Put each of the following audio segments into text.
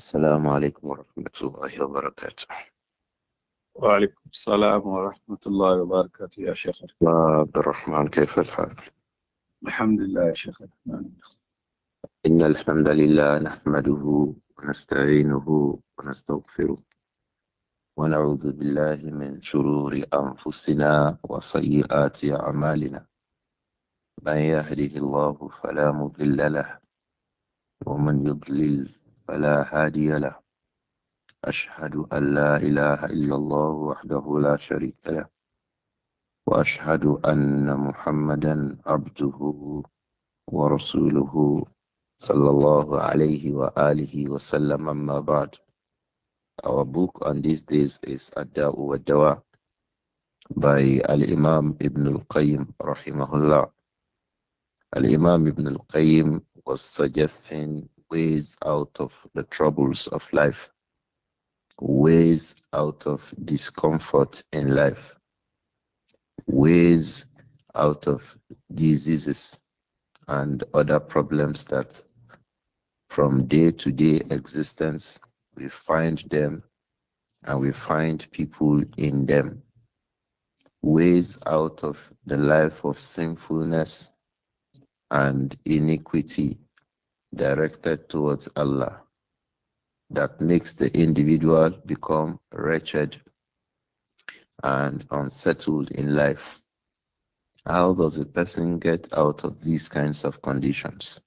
السلام عليكم ورحمة الله وبركاته وعليكم السلام ورحمة الله وبركاته يا شيخ عبد الرحمن كيف الحال؟ الحمد لله يا شيخ الرحمن إن الحمد لله نحمده ونستعينه ونستغفره ونعوذ بالله من شرور أنفسنا وسيئات أعمالنا من يهده الله فلا مضل له ومن يضلل فلا هادي له أشهد أن لا إله إلا الله وحده لا شريك له وأشهد أن محمدا عبده ورسوله صلى الله عليه وآله وسلم أما بعد Our book on these days is Ad-Da'u wa Dawa by Al-Imam Ibn Al-Qayyim rahimahullah. Al-Imam Ibn Al-Qayyim was suggesting ways out of the troubles of life, ways out of discomfort in life, ways out of diseases and other problems that from day to day existence we find them and we find people in them. Ways out of the life of sinfulness and iniquity directed towards Allah that makes the individual become wretched and unsettled in life. How does a person get out of these kinds of conditions?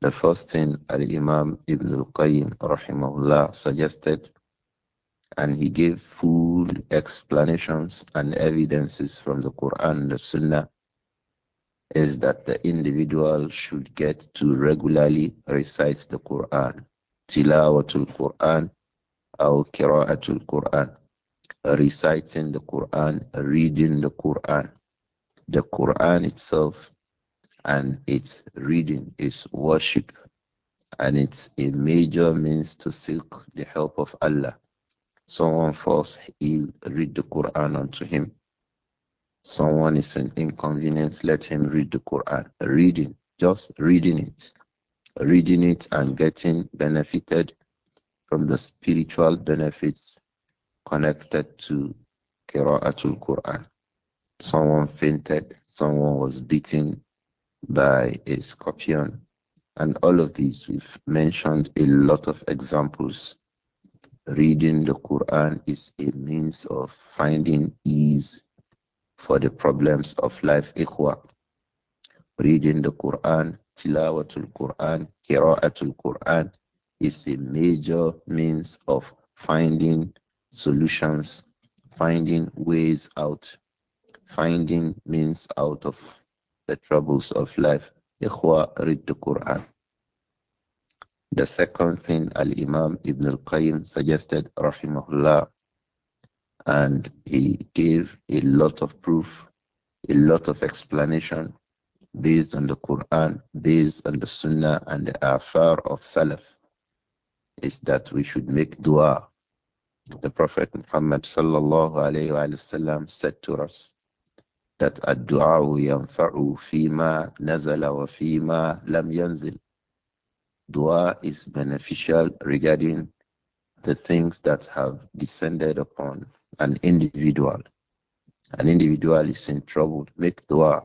The first thing Al Imam Ibn Al Qayyim rahimahullah suggested, and he gave full explanations and evidences from the Quran and the Sunnah is that the individual should get to regularly recite the Quran. Tilawatul Quran al Qira'atul Quran. Reciting the Quran, reading the Quran. The Quran itself and its reading is worship and it's a major means to seek the help of Allah. Someone falls ill, read the Quran unto him. Someone is inconvenience. let him read the Quran. Reading, just reading it. Reading it and getting benefited from the spiritual benefits connected to Qira'atul Quran. Someone fainted, someone was beaten by a scorpion. And all of these, we've mentioned a lot of examples. Reading the Quran is a means of finding ease for the problems of life, ikhwa. Reading the Quran, tilawatul Quran, qira'atul Quran is a major means of finding solutions, finding ways out, finding means out of the troubles of life. Ikhwa, read the Quran. The second thing Al Imam Ibn al Qayyim suggested, Rahimahullah, and he gave a lot of proof, a lot of explanation based on the Quran, based on the Sunnah and the Afar of Salaf, is that we should make dua. The Prophet Muhammad sallallahu alayhi wa sallam said to us that a dua yanfa'u fima nazala wa fima lam yanzil. Dua is beneficial regarding the things that have descended upon an individual. An individual is in trouble, make dua.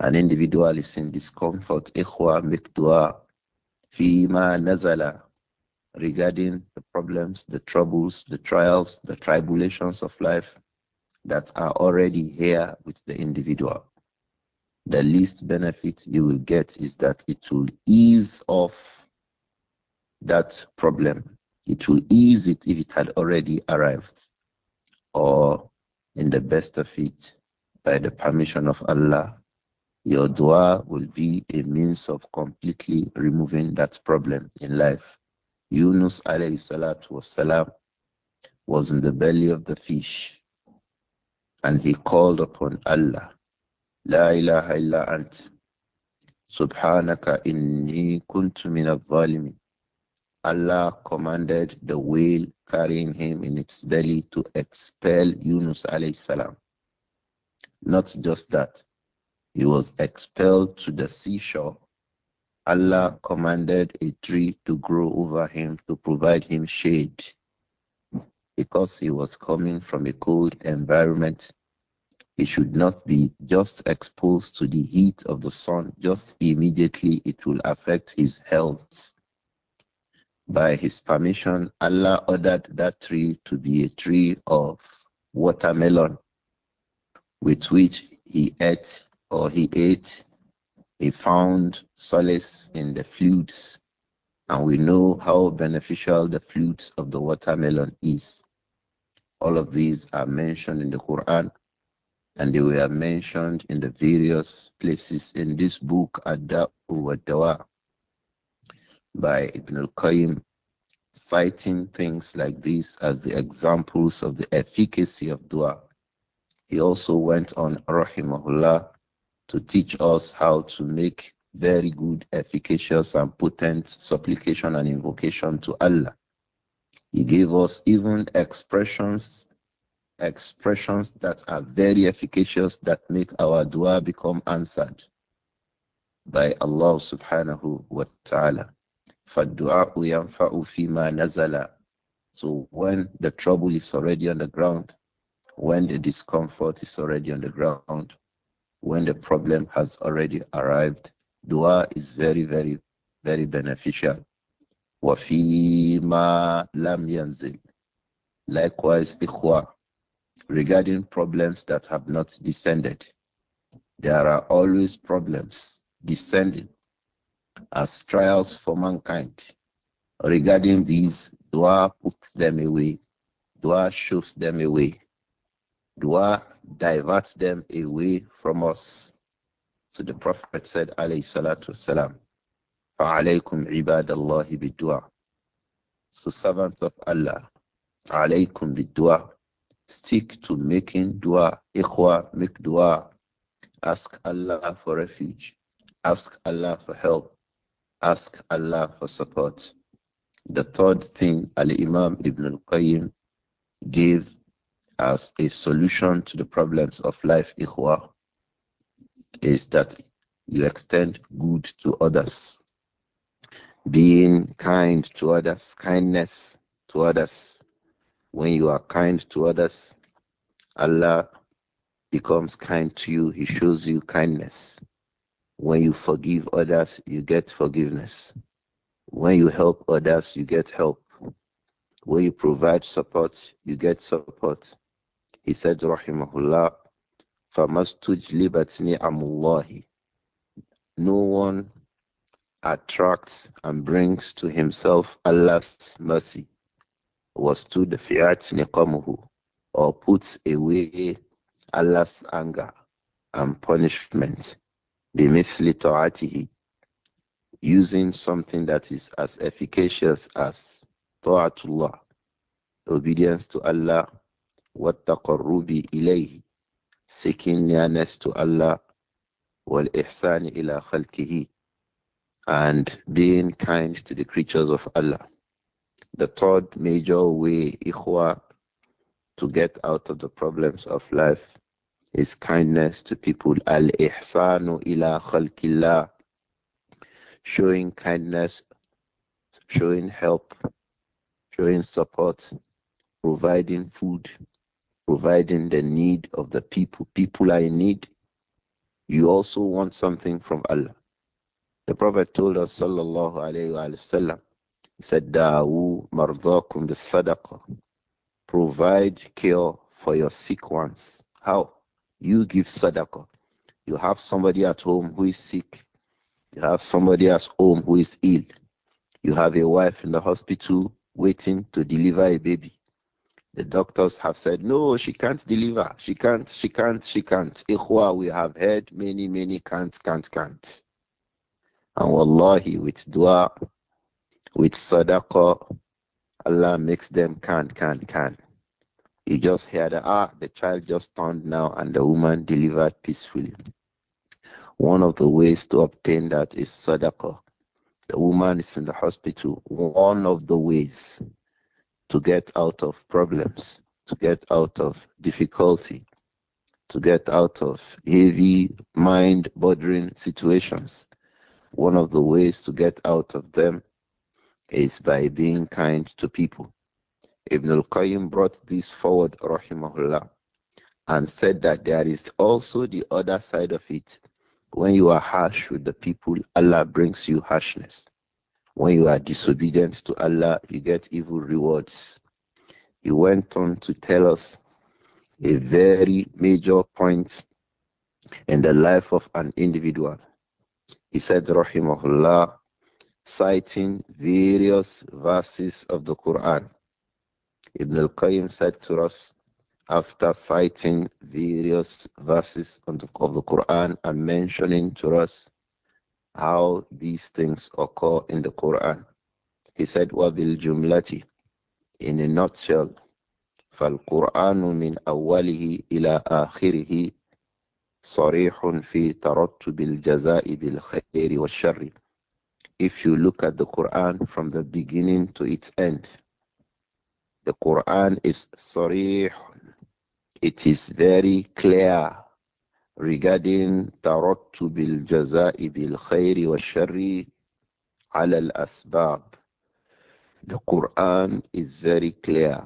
An individual is in discomfort, ikhwa, make dua. Fima nazala, regarding the problems, the troubles, the trials, the tribulations of life that are already here with the individual. The least benefit you will get is that it will ease off that problem. It will ease it if it had already arrived. Or, in the best of it, by the permission of Allah, your dua will be a means of completely removing that problem in life. Yunus alayhi salatu wasalam was in the belly of the fish and he called upon Allah. La ilaha illa ant. Subhanaka inni kuntu min al Allah commanded the whale carrying him in its belly to expel Yunus alayhi salam. Not just that, he was expelled to the seashore. Allah commanded a tree to grow over him to provide him shade because he was coming from a cold environment. He should not be just exposed to the heat of the sun, just immediately, it will affect his health by his permission, Allah ordered that tree to be a tree of watermelon, with which he ate or he ate. He found solace in the fruits, and we know how beneficial the fruits of the watermelon is. All of these are mentioned in the Quran, and they were mentioned in the various places in this book, ad wa wa by Ibn al-Qayyim citing things like this as the examples of the efficacy of dua. He also went on, rahimahullah, to teach us how to make very good, efficacious, and potent supplication and invocation to Allah. He gave us even expressions, expressions that are very efficacious that make our dua become answered by Allah subhanahu wa ta'ala. So when the trouble is already on the ground, when the discomfort is already on the ground, when the problem has already arrived, dua is very, very, very beneficial. وَفِي مَا لَمْ Likewise, ikhwa, regarding problems that have not descended. There are always problems descending as trials for mankind. Regarding these, dua puts them away, dua shoves them away, dua diverts them away from us. So the Prophet said, alayhi salatu wasalam, فَعَلَيْكُمْ عِبَادَ اللَّهِ بِالدُّعَى So servants of Allah, alaykum bid Stick to making dua. Ikhwa, make dua. Ask Allah for refuge. Ask Allah for help. Ask Allah for support. The third thing Ali Imam Ibn al Qayyim gave as a solution to the problems of life, ikhwa, is that you extend good to others, being kind to others, kindness to others. When you are kind to others, Allah becomes kind to you, He shows you kindness. When you forgive others, you get forgiveness. When you help others, you get help. When you provide support, you get support. He said, Rahimahullah, فَمَسْتُجْلِبَتْ نِعَمُ اللَّهِ No one attracts and brings to himself Allah's mercy. Was to the fiat or puts away Allah's anger and punishment. بِمِثْلِ طَاعَتِهِ Using something that is as efficacious as طاعتullah, obedience to Allah, وَالتَّقَرُّبِ إِلَيْهِ Seeking nearness to Allah, وَالْإِحْسَانِ إِلَى خَلْقِهِ And being kind to the creatures of Allah. The third major way, ikhwa, to get out of the problems of life his kindness to people. Al ihsanu ila khalqillah. Showing kindness, showing help, showing support, providing food, providing the need of the people. People are in need. You also want something from Allah. The Prophet told us, Sallallahu alayhi Wasallam, he said, Da'u mardakum bis Provide cure for your sick ones. How? You give sadaqah. You have somebody at home who is sick. You have somebody at home who is ill. You have a wife in the hospital waiting to deliver a baby. The doctors have said, no, she can't deliver. She can't, she can't, she can't. Ikhwa, we have heard many, many can't, can't, can't. And wallahi, with dua, with sadaqah, Allah makes them can, can, can. You just hear that, ah, the child just turned now and the woman delivered peacefully. One of the ways to obtain that is sadaqa. The woman is in the hospital. One of the ways to get out of problems, to get out of difficulty, to get out of heavy mind bothering situations. One of the ways to get out of them is by being kind to people. Ibn al-Qayyim brought this forward, rahimahullah, and said that there is also the other side of it. When you are harsh with the people, Allah brings you harshness. When you are disobedient to Allah, you get evil rewards. He went on to tell us a very major point in the life of an individual. He said, Rahimahullah, citing various verses of the Quran. Ibn al Qayyim said to us, after citing various verses of the Quran and mentioning to us how these things occur in the Quran, he said, Wabil Jumlati, in a nutshell, Quran فالقرآن من أوله al آخره صريح في ترتب الجزاء بالخير والشر. If you look at the Quran from the beginning to its end, the Quran is sarih. It is very clear regarding tarattu bil jaza'i bil khairi wa sharri ala al asbab. The Quran is very clear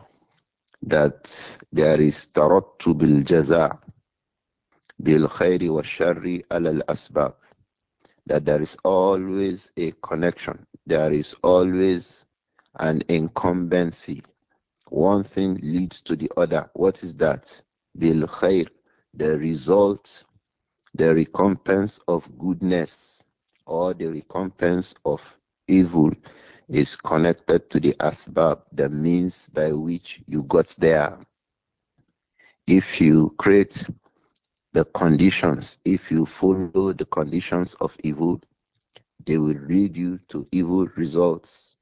that there is tarattu bil jaza' bil khairi wa sharri ala al asbab that there is always a connection, there is always an incumbency one thing leads to the other. What is that? Bil khair, the result, the recompense of goodness or the recompense of evil is connected to the asbab, the means by which you got there. If you create the conditions, if you follow the conditions of evil, they will lead you to evil results.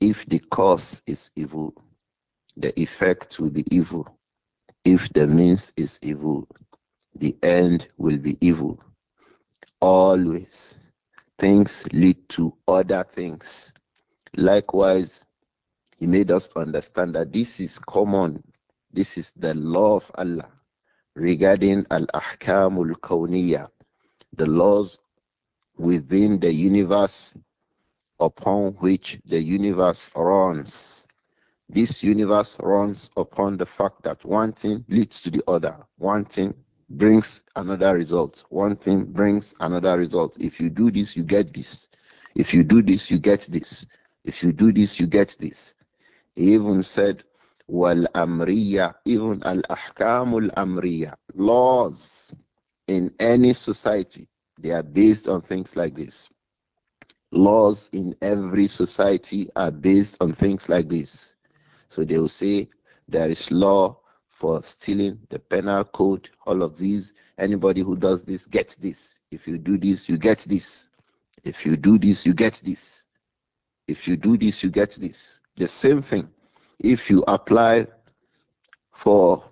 If the cause is evil, the effect will be evil. If the means is evil, the end will be evil. Always things lead to other things. Likewise, he made us understand that this is common. This is the law of Allah regarding al ahkamul kawniya the laws within the universe upon which the universe runs. This universe runs upon the fact that one thing leads to the other. One thing brings another result. One thing brings another result. If you do this, you get this. If you do this, you get this. If you do this, you get this. He even said, Wal Amriya, even Al Ahkamul Amriya, laws in any society, they are based on things like this. Laws in every society are based on things like this. So they will say there is law for stealing, the penal code, all of these. Anybody who does this gets this. If you do this, you get this. If you do this, you get this. If you do this, you get this. The same thing. If you apply for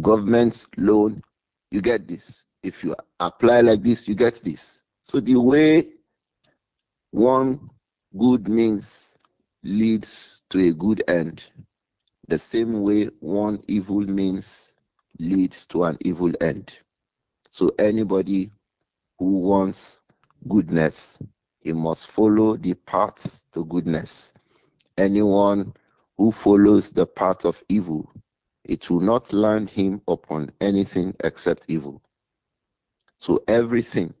government loan, you get this. If you apply like this, you get this. So the way one good means leads to a good end. The same way one evil means leads to an evil end. So anybody who wants goodness, he must follow the path to goodness. Anyone who follows the path of evil, it will not land him upon anything except evil. So everything,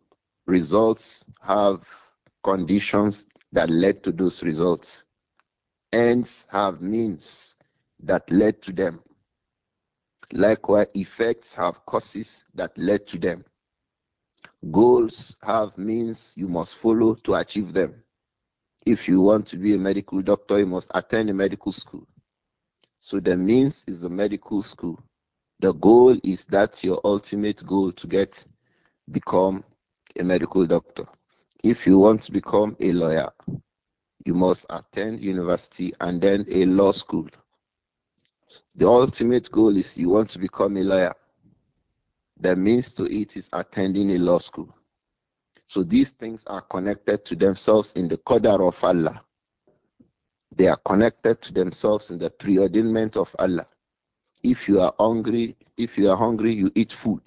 results have conditions that led to those results. Ends have means that led to them. Likewise, effects have causes that led to them. Goals have means you must follow to achieve them. If you want to be a medical doctor, you must attend a medical school. So the means is the medical school. The goal is that your ultimate goal to get become a medical doctor. If you want to become a lawyer, you must attend university and then a law school. The ultimate goal is you want to become a lawyer. The means to it is attending a law school. So these things are connected to themselves in the Qadar of Allah. They are connected to themselves in the preordainment of Allah. If you are hungry, if you are hungry, you eat food.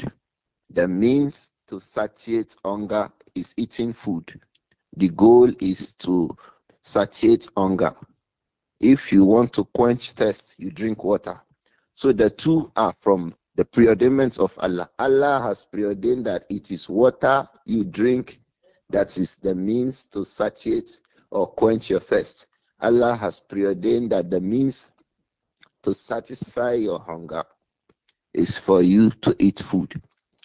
The means to satiate hunger is eating food. The goal is to satiate hunger. If you want to quench thirst, you drink water. So the two are from the preordainments of Allah. Allah has preordained that it is water you drink that is the means to satiate or quench your thirst. Allah has preordained that the means to satisfy your hunger is for you to eat food.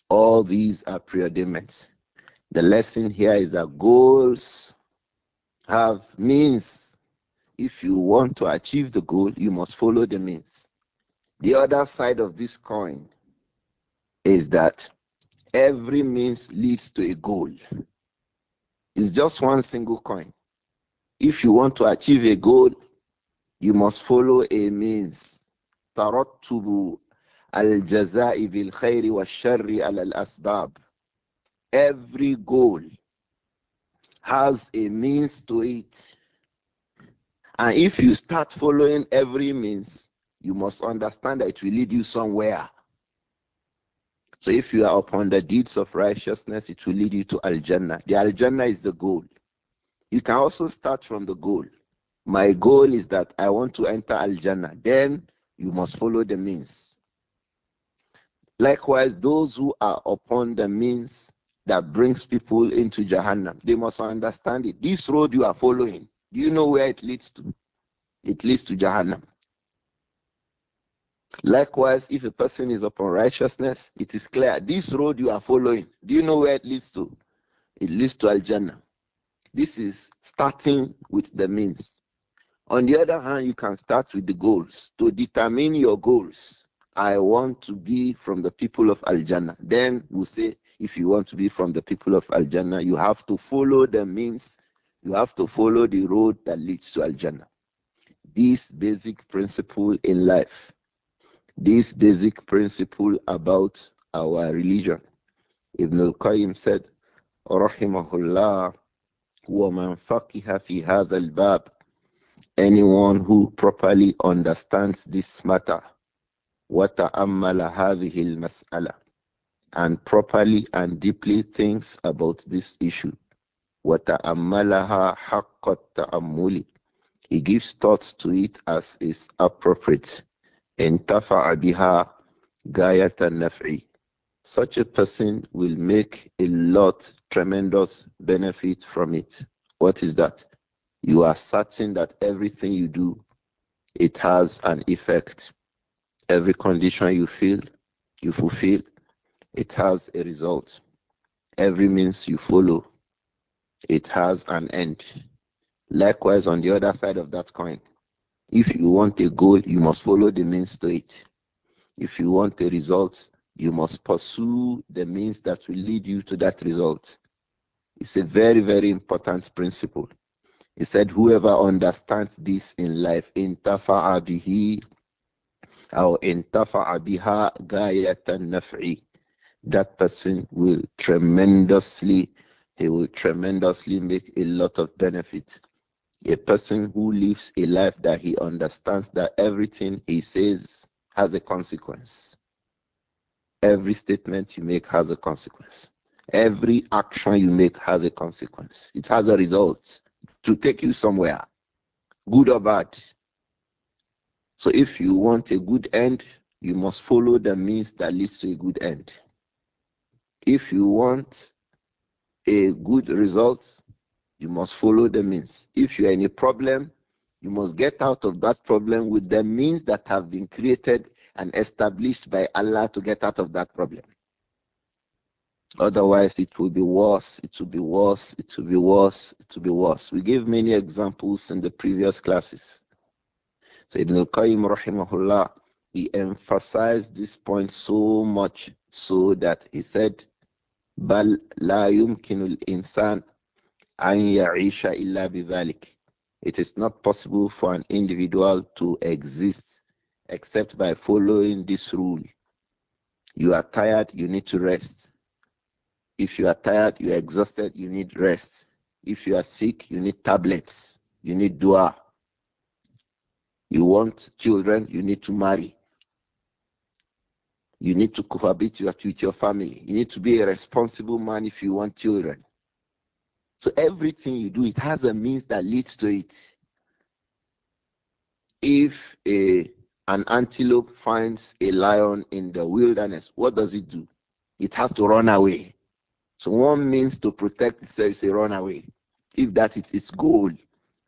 All these are preordainments. The lesson here is that goals have means. If you want to achieve the goal, you must follow the means. The other side of this coin is that every means leads to a goal. It's just one single coin. If you want to achieve a goal, you must follow a means. Every goal has a means to it. And if you start following every means, you must understand that it will lead you somewhere. So if you are upon the deeds of righteousness, it will lead you to Al Jannah. The Al Jannah is the goal. You can also start from the goal. My goal is that I want to enter Al Jannah. Then you must follow the means. Likewise, those who are upon the means, that brings people into Jahannam. They must understand it. This road you are following, do you know where it leads to? It leads to Jahannam. Likewise, if a person is upon righteousness, it is clear this road you are following, do you know where it leads to? It leads to Al Jannah. This is starting with the means. On the other hand, you can start with the goals to determine your goals. I want to be from the people of Al Jannah. Then we we'll say, if you want to be from the people of Al Jannah, you have to follow the means, you have to follow the road that leads to Al Jannah. This basic principle in life, this basic principle about our religion. Ibn al Qayyim said, Rahimahullah, وَمَنْ فَقِهَ fi هَذَا Anyone who properly understands this matter, وَتَأَمَّلَ هَذِهِ الْمَسْأَلَةِ and properly and deeply thinks about this issue. وَتَأَمَّلَهَا حَقَّ التَّأَمُّلِ He gives thoughts to it as is appropriate. انتفع بها gayat النفع Such a person will make a lot, tremendous benefit from it. What is that? You are certain that everything you do, it has an effect. Every condition you feel, you fulfill, it has a result. Every means you follow, it has an end. Likewise, on the other side of that coin, if you want a goal, you must follow the means to it. If you want a result, you must pursue the means that will lead you to that result. It's a very, very important principle. He said, Whoever understands this in life, intafa'a bihi, or intafa'a biha gayatan naf'i that person will tremendously, he will tremendously make a lot of benefit. A person who lives a life that he understands that everything he says has a consequence. Every statement you make has a consequence. Every action you make has a consequence. It has a result to take you somewhere, good or bad. So if you want a good end, you must follow the means that leads to a good end. If you want a good result, you must follow the means. If you are in a problem, you must get out of that problem with the means that have been created and established by Allah to get out of that problem. Otherwise, it will be worse, it will be worse, it will be worse, it will be worse. We gave many examples in the previous classes. So Ibn al-Qayyim rahimahullah, he emphasized this point so much so that he said, بل لا يمكن الإنسان أن يعيش إلا بذلك. It is not possible for an individual to exist except by following this rule. You are tired, you need to rest. If you are tired, you are exhausted, you need rest. If you are sick, you need tablets, you need dua. You want children, you need to marry. You need to cohabit with your family. You need to be a responsible man if you want children. So everything you do, it has a means that leads to it. If a an antelope finds a lion in the wilderness, what does it do? It has to run away. So one means to protect itself is a runaway. If that is its goal,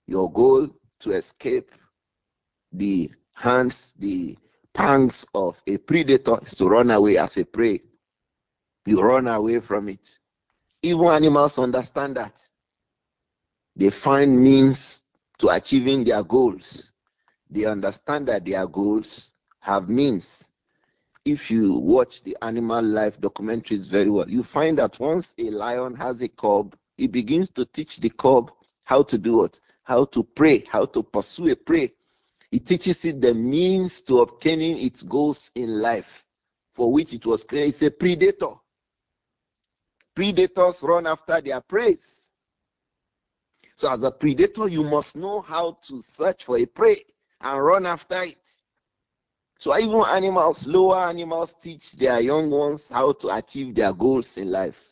your goal to escape the hands, the pangs of a predator is to run away as a prey. You run away from it. Even animals understand that. They find means to achieving their goals. They understand that their goals have means. If you watch the animal life documentaries very well, you find that once a lion has a cub, he begins to teach the cub how to do it, how to pray, how to pursue a prey it teaches it the means to obtaining its goals in life for which it was created. It's a predator. Predators run after their prey. So, as a predator, you must know how to search for a prey and run after it. So, even animals, lower animals, teach their young ones how to achieve their goals in life.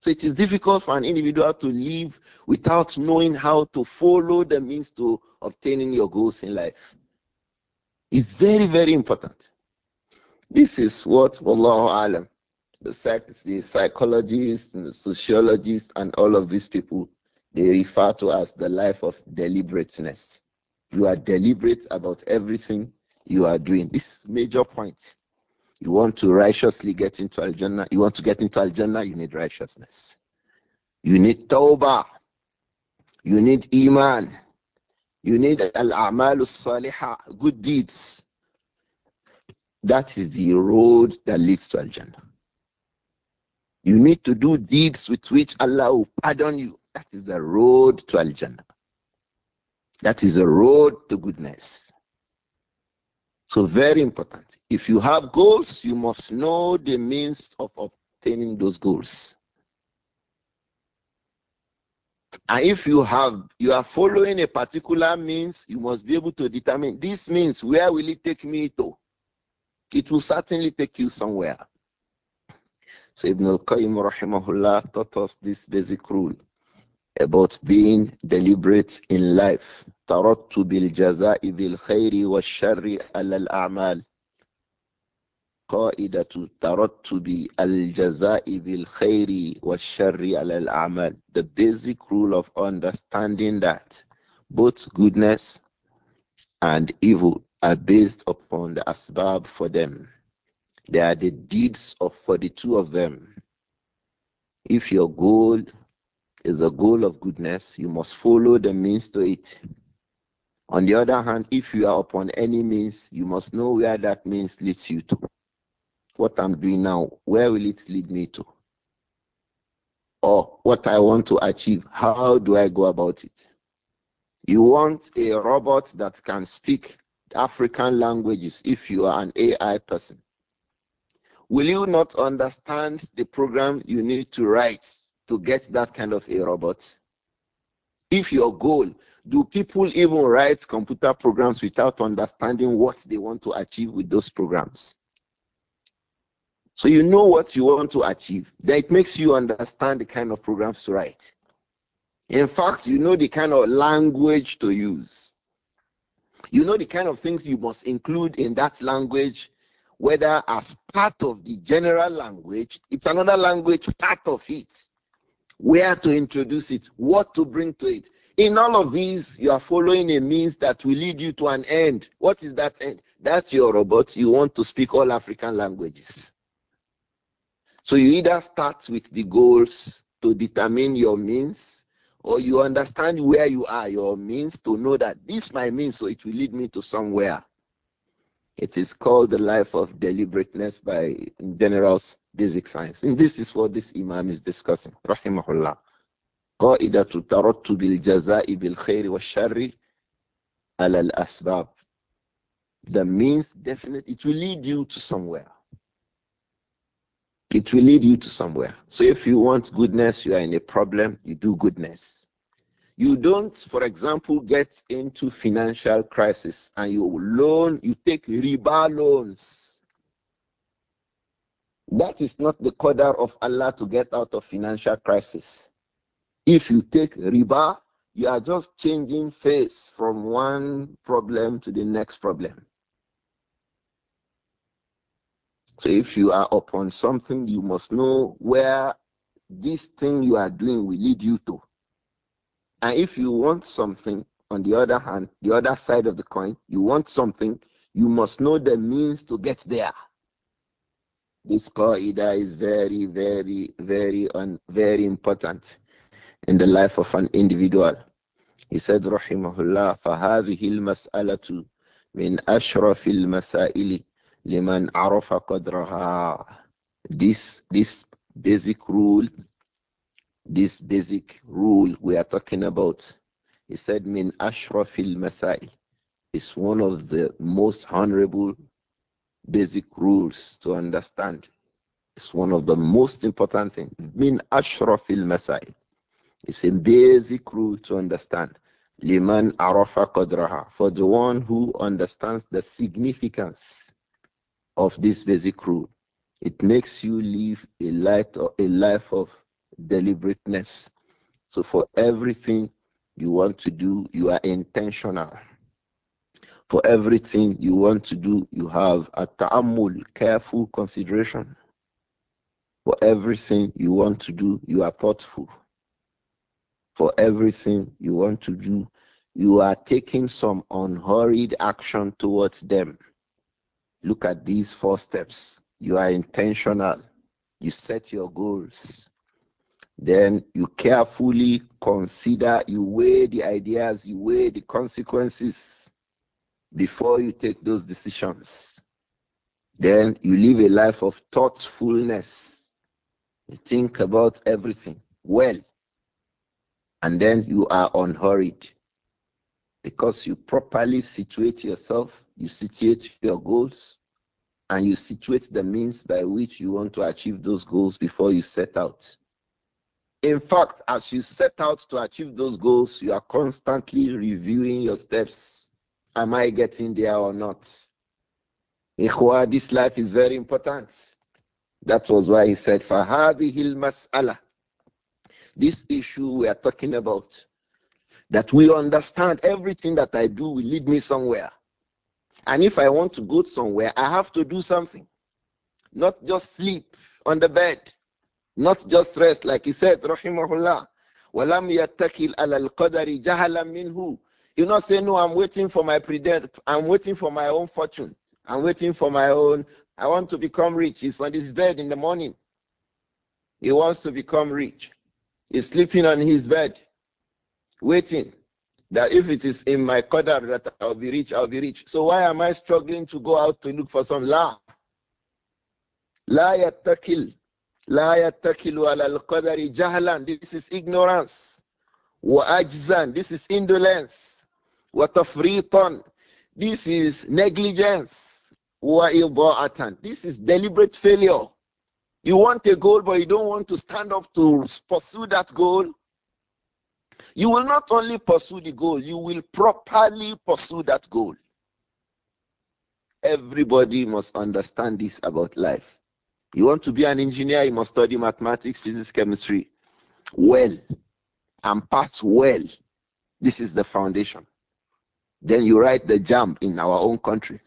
So it is difficult for an individual to live without knowing how to follow the means to obtaining your goals in life. It's very, very important. This is what Wallahu Alam, the, psych- the psychologists and the sociologists and all of these people, they refer to as the life of deliberateness. You are deliberate about everything you are doing. This is major point. You want to righteously get into Al Jannah. You want to get into Al Jannah, you need righteousness. You need Tawbah. You need Iman. You need Al A'mal Salihah, good deeds. That is the road that leads to Al Jannah. You need to do deeds with which Allah will pardon you. That is the road to Al Jannah. That is the road to goodness. So, very important. If you have goals, you must know the means of obtaining those goals. And if you have you are following a particular means, you must be able to determine this means where will it take me to? It will certainly take you somewhere. So Ibn al-Qayyim rahimahullah taught us this basic rule about being deliberate in life. تردت بالجزاء بالخير والشر على الأعمال قائدة ترتب الجزاء بالخير والشر على الأعمال The basic rule of understanding that both goodness and evil are based upon the asbab for them. They are the deeds of for the two of them. If your goal is a goal of goodness, you must follow the means to it. On the other hand, if you are upon any means, you must know where that means leads you to. What I'm doing now, where will it lead me to? Or what I want to achieve, how do I go about it? You want a robot that can speak African languages if you are an AI person. Will you not understand the program you need to write to get that kind of a robot? If your goal, do people even write computer programs without understanding what they want to achieve with those programs? So you know what you want to achieve. Then it makes you understand the kind of programs to write. In fact, you know the kind of language to use. You know the kind of things you must include in that language, whether as part of the general language, it's another language part of it where to introduce it, what to bring to it. In all of these, you are following a means that will lead you to an end. What is that end? That's your robot. You want to speak all African languages. So you either start with the goals to determine your means, or you understand where you are, your means to know that this my means, so it will lead me to somewhere. It is called the life of deliberateness by general basic science. And this is what this Imam is discussing. Rahimahullah. الجزاء بالخير والشر على الأسباب. The means definite, it will lead you to somewhere. It will lead you to somewhere. So if you want goodness, you are in a problem, you do goodness. You don't, for example, get into financial crisis and you loan, you take riba loans. That is not the qadar of Allah to get out of financial crisis. If you take riba, you are just changing face from one problem to the next problem. So if you are upon something, you must know where this thing you are doing will lead you to. And if you want something, on the other hand, the other side of the coin, you want something, you must know the means to get there. This qaida is very, very, very, un, very important in the life of an individual. He said, Rahimahullah, فهذه المسألة من أشرف المسائل لمن عرف قدرها. This, this basic rule this basic rule we are talking about, he said, Min Ashrafil Masai is one of the most honorable basic rules to understand. It's one of the most important things. Min Ashrafil Masai. It's a basic rule to understand. Liman Arafa Qadraha. For the one who understands the significance of this basic rule, it makes you live a life, a life of deliberateness. So for everything you want to do, you are intentional. For everything you want to do, you have a ta'ammul, careful consideration. For everything you want to do, you are thoughtful. For everything you want to do, you are taking some unhurried action towards them. Look at these four steps. You are intentional. You set your goals. Then you carefully consider, you weigh the ideas, you weigh the consequences before you take those decisions. Then you live a life of thoughtfulness. You think about everything well. And then you are unhurried because you properly situate yourself, you situate your goals, and you situate the means by which you want to achieve those goals before you set out. In fact, as you set out to achieve those goals, you are constantly reviewing your steps. Am I getting there or not? Ikhwa, this life is very important. That was why he said, Fahadihil Allah." This issue we are talking about, that we understand everything that I do will lead me somewhere. And if I want to go somewhere, I have to do something, not just sleep on the bed. Not just rest, like he said, Rahimahullah. وَلَمْ يَتَّكِلْ عَلَى الْقَدَرِ جَهَلًا مِنْهُ You not say, no, I'm waiting for my predent, I'm waiting for my own fortune. I'm waiting for my own, I want to become rich. He's on his bed in the morning. He wants to become rich. He's sleeping on his bed, waiting that if it is in my qadar that I'll be rich, I'll be rich. So why am I struggling to go out to look for some la? La yattakil. لا يتكل على القدر جهلا this is ignorance وأجزا this is indolence وتفريطا this is negligence وإضاءة this is deliberate failure you want a goal but you don't want to stand up to pursue that goal you will not only pursue the goal you will properly pursue that goal everybody must understand this about life you want to be an engineer, you must study mathematics, physics, chemistry well and pass well. This is the foundation. Then you write the jump in our own country.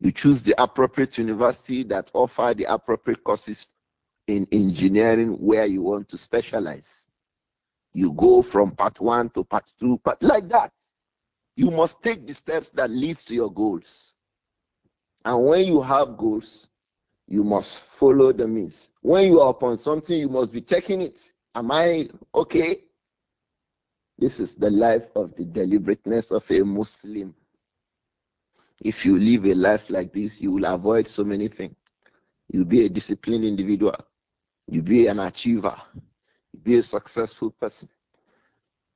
You choose the appropriate university that offer the appropriate courses in engineering where you want to specialize. You go from part one to part two, part like that. You must take the steps that leads to your goals. And when you have goals, you must follow the means. When you are upon something, you must be taking it. Am I okay? This is the life of the deliberateness of a Muslim. If you live a life like this, you will avoid so many things. You'll be a disciplined individual. You'll be an achiever. You'll be a successful person.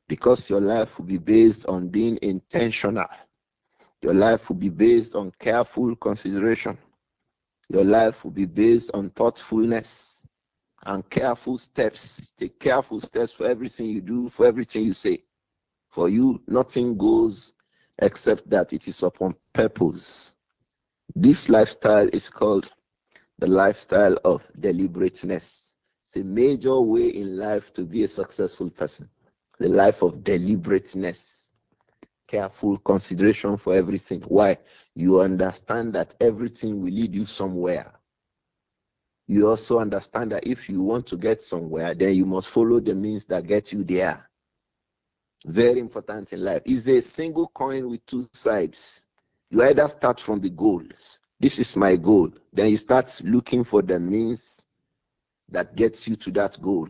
Because your life will be based on being intentional. Your life will be based on careful consideration. Your life will be based on thoughtfulness and careful steps. Take careful steps for everything you do, for everything you say. For you, nothing goes except that it is upon purpose. This lifestyle is called the lifestyle of deliberateness. It's a major way in life to be a successful person. The life of deliberateness careful consideration for everything. Why? You understand that everything will lead you somewhere. You also understand that if you want to get somewhere, then you must follow the means that get you there. Very important in life. It's a single coin with two sides. You either start from the goals. This is my goal. Then you start looking for the means that gets you to that goal.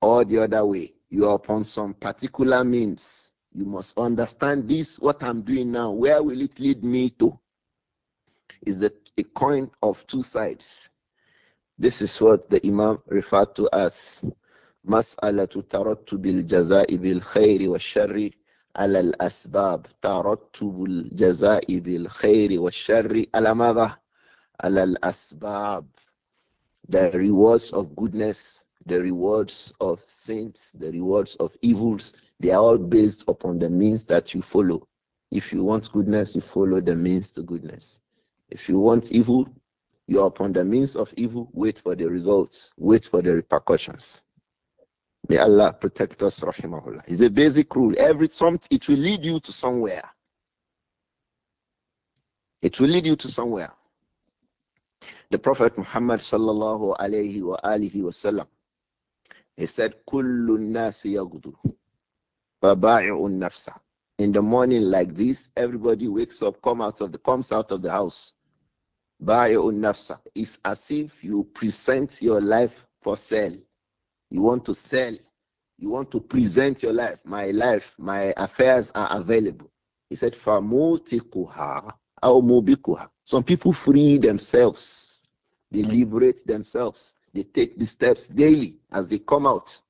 Or the other way, you are upon some particular means you must understand this, what I'm doing now, where will it lead me to? Is that a coin of two sides? This is what the Imam referred to as مسألة ترتب الجزاء بالخير والشر على الأسباب ترتب الجزاء بالخير والشر على ala al asbab. The rewards of goodness the rewards of sins, the rewards of evils, they are all based upon the means that you follow. If you want goodness, you follow the means to goodness. If you want evil, you are upon the means of evil, wait for the results, wait for the repercussions. May Allah protect us, rahimahullah. It's a basic rule. Every something it will lead you to somewhere. It will lead you to somewhere. The Prophet Muhammad sallallahu alayhi wa alihi he said, Kullu nasi yagudu. Baba'i'un nafsa. In the morning like this, everybody wakes up, come out of the, comes out of the house. Ba'i'un nafsa. It's as if you present your life for sale. You want to sell. You want to present your life. My life, my affairs are available. He said, Famutikuha, Some people free themselves they liberate themselves. They take the steps daily as they come out.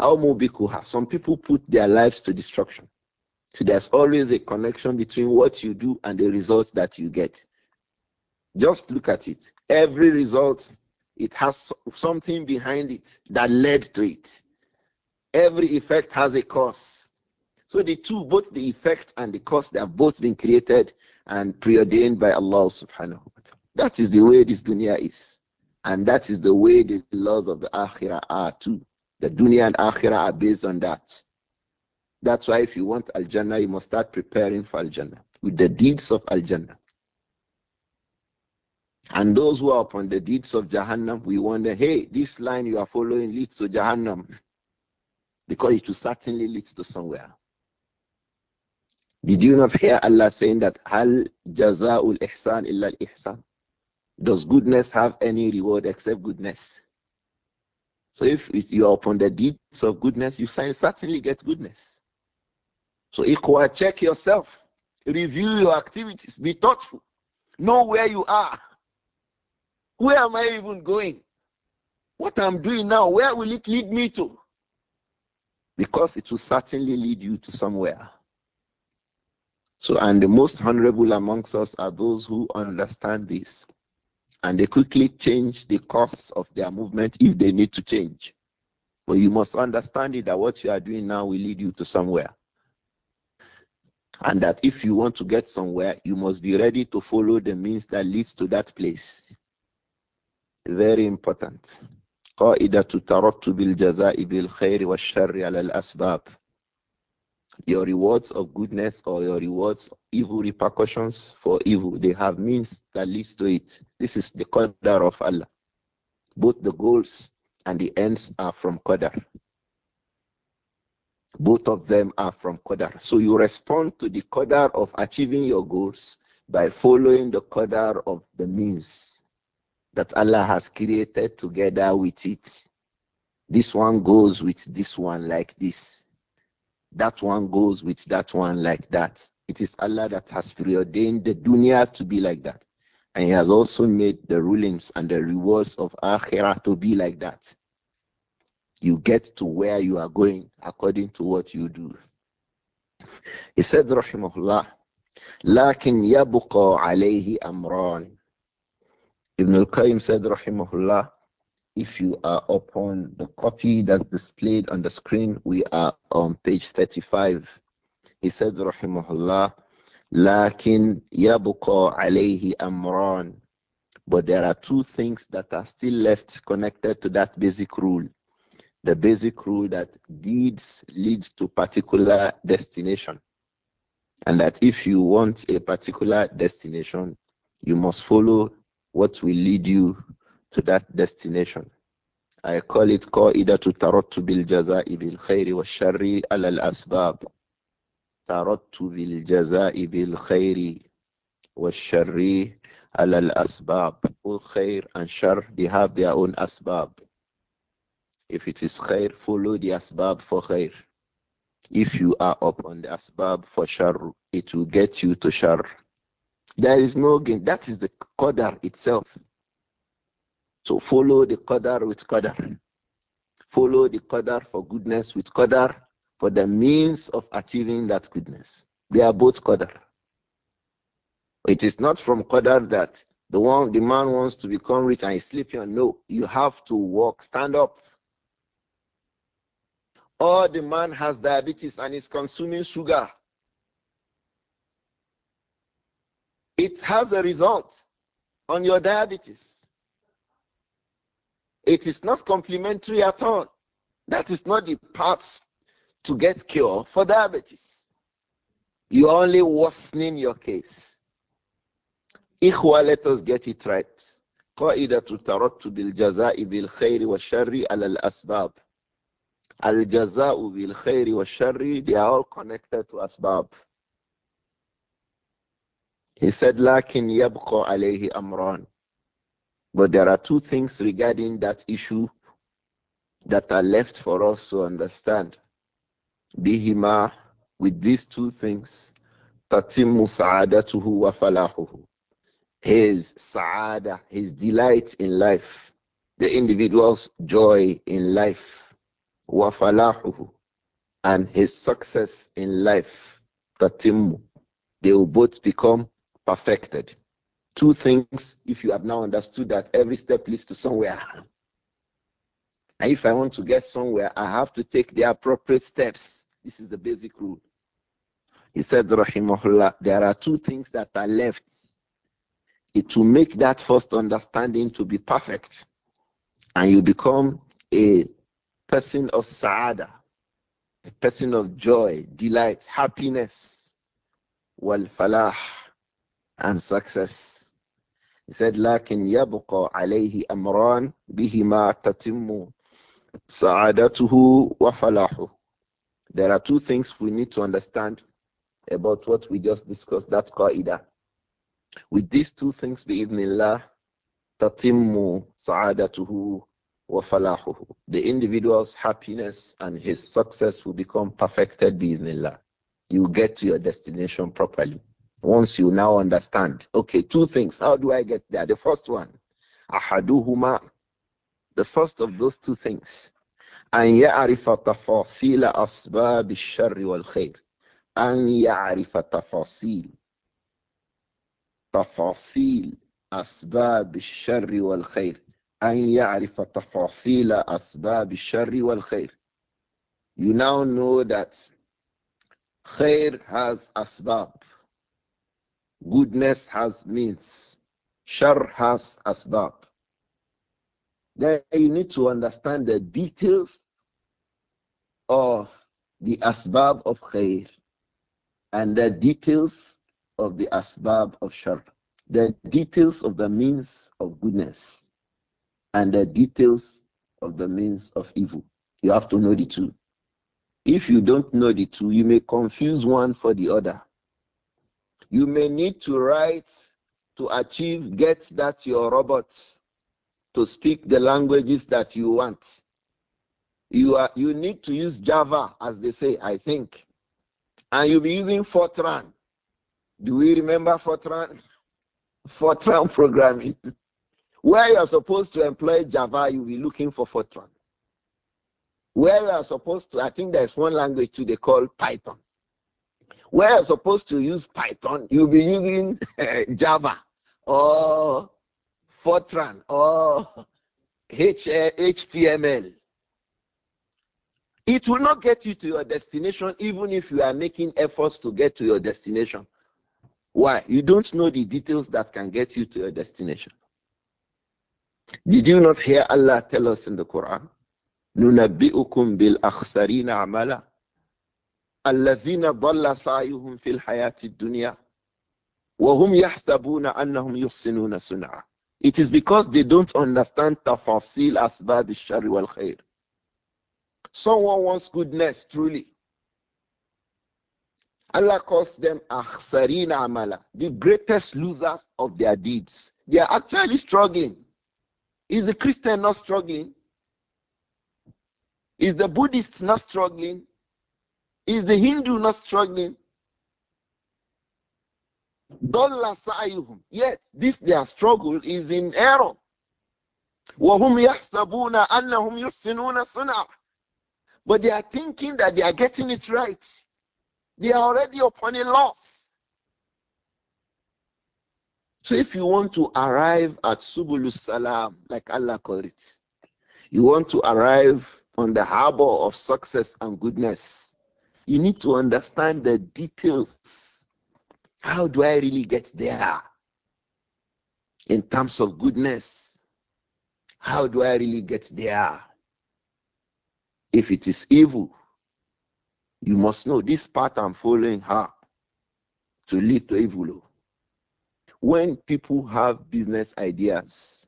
How mobile have some people put their lives to destruction. So there's always a connection between what you do and the results that you get. Just look at it. Every result, it has something behind it that led to it. Every effect has a cause. So the two, both the effect and the cause, they have both been created and preordained by Allah subhanahu wa ta'ala. That is the way this dunya is. And that is the way the laws of the akhirah are too. The dunya and akhirah are based on that. That's why if you want Al Jannah, you must start preparing for Al Jannah with the deeds of Al Jannah. And those who are upon the deeds of Jahannam, we wonder, hey, this line you are following leads to Jahannam. Because it will certainly lead to somewhere. Did you not hear Allah saying that Hal Jaza'ul Ihsan illa al Ihsan? Does goodness have any reward except goodness? So if you are upon the deeds of goodness, you certainly get goodness. So equal, check yourself, review your activities, be thoughtful, know where you are. Where am I even going? What I'm doing now, where will it lead me to? Because it will certainly lead you to somewhere. So, and the most honorable amongst us are those who understand this and they quickly change the course of their movement if they need to change. But you must understand it that what you are doing now will lead you to somewhere. And that if you want to get somewhere, you must be ready to follow the means that leads to that place. Very important. قائدة ترتب الجزاء بالخير والشر على الأسباب your rewards of goodness or your rewards evil repercussions for evil, they have means that leads to it. This is the qadar of Allah. Both the goals and the ends are from qadar. Both of them are from qadar. So you respond to the qadar of achieving your goals by following the qadar of the means that Allah has created together with it. This one goes with this one like this. That one goes with that one like that. It is Allah that has preordained the dunya to be like that. And He has also made the rulings and the rewards of Akhirah to be like that. You get to where you are going according to what you do. He said, Rahimahullah, لكن يبقى عليه أمران. Ibn al-Qayyim said, Rahimahullah, if you are upon the copy that's displayed on the screen, we are on page 35. He says, Rahimahullah, Lakin yabuqa alayhi amran. But there are two things that are still left connected to that basic rule. The basic rule that deeds lead to particular destination. And that if you want a particular destination, you must follow what will lead you to that destination. I call it قائدة ترتب الجزاء Asbab. والشر على الأسباب ترتب الجزاء بالخير والشر على Asbab. al خير and Shar, they have their own asbab if it is khair follow the asbab for khair if you are up on the asbab for shar it will get you to shar there is no gain that is the qadar itself so follow the qadar with qadar. Follow the qadar for goodness with qadar for the means of achieving that goodness. They are both qadar. It is not from qadar that the one the man wants to become rich and is sleeping. No, you have to walk, stand up. Or the man has diabetes and is consuming sugar. It has a result on your diabetes. It is not complementary at all. That is not the path to get cure for diabetes. You're only worsening your case. Ikhwa, let us get it right. قائدة ترتب الجزاء بالخير والشر على الأسباب. الجزاء بالخير والشر they are all connected to أسباب. He said لكن يبقى عليه أمران. But there are two things regarding that issue that are left for us to understand. Bihima, with these two things, tatimu sa'adatuhu wa falahuhu. His sa'ada, his delight in life, the individual's joy in life, wa falahuhu, and his success in life, tatimu. They will both become perfected two things if you have now understood that every step leads to somewhere. And if I want to get somewhere, I have to take the appropriate steps. This is the basic rule. He said, Rahimahullah, there are two things that are left. It will make that first understanding to be perfect. And you become a person of sa'ada, a person of joy, delight, happiness, wal falah, and success. He said, لكن يبقى عليه أمران بهما تتم سعادته وفلاحه. There are two things we need to understand about what we just discussed, called ida. With these two things, bi'idhnillah, تتم سعادته وفلاحه. The individual's happiness and his success will become perfected bi'idhnillah. You get to your destination properly. Once you now understand, okay, two things. How do I get there? The first one, ahaduhuma, the first of those two things, أن يعرف تفاصيل أسباب الشر والخير أن يعرف تفاصيل تفاصيل أسباب الشر والخير أن يعرف تفاصيل أسباب الشر والخير You now know that خير has أسباب Goodness has means, shar has asbab. Then you need to understand the details of the asbab of khair and the details of the asbab of shar, the details of the means of goodness and the details of the means of evil. You have to know the two. If you don't know the two, you may confuse one for the other. You may need to write to achieve, get that your robot to speak the languages that you want. You are you need to use Java, as they say, I think. And you'll be using Fortran. Do we remember Fortran? Fortran programming. Where you are supposed to employ Java, you'll be looking for Fortran. Where you are supposed to, I think there's one language too they call Python. Where you are supposed to use Python, you'll be using uh, Java or Fortran or HTML. Eh, it will not get you to your destination even if you are making efforts to get to your destination. Why? You don't know the details that can get you to your destination. Did you not hear Allah tell us in the Quran? ننبئكم بالأخسرين amala." الَّذِينَ ضَلَّ سَعْيُهُمْ فِي الْحَيَاةِ الدُّنْيَا وَهُمْ يَحْسَبُونَ أَنَّهُمْ يُحْسِنُونَ It is because they don't understand تفاصيل أسباب الشر والخير. Someone wants goodness truly. Allah calls them akhsarin amala, the greatest losers of their deeds. They are actually struggling. Is the Christian not struggling? Is the Buddhist not struggling? Is the Hindu not struggling? Yes, this their struggle is in error. وهم يحسبون أنهم يحسنون صنعا but they are thinking that they are getting it right. They are already upon a loss. So if you want to arrive at Subulus Salam, like Allah called it, you want to arrive on the harbor of success and goodness, you need to understand the details. How do I really get there? In terms of goodness, how do I really get there? If it is evil, you must know this path I'm following her to lead to evil. When people have business ideas,